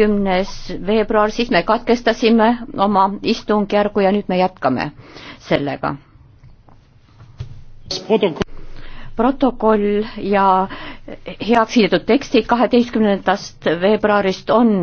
üheteistkümnes veebruar, siis me katkestasime oma istungjärgu ja nüüd me jätkame sellega. protokoll ja heaks kiidetud tekstid kaheteistkümnendast veebruarist on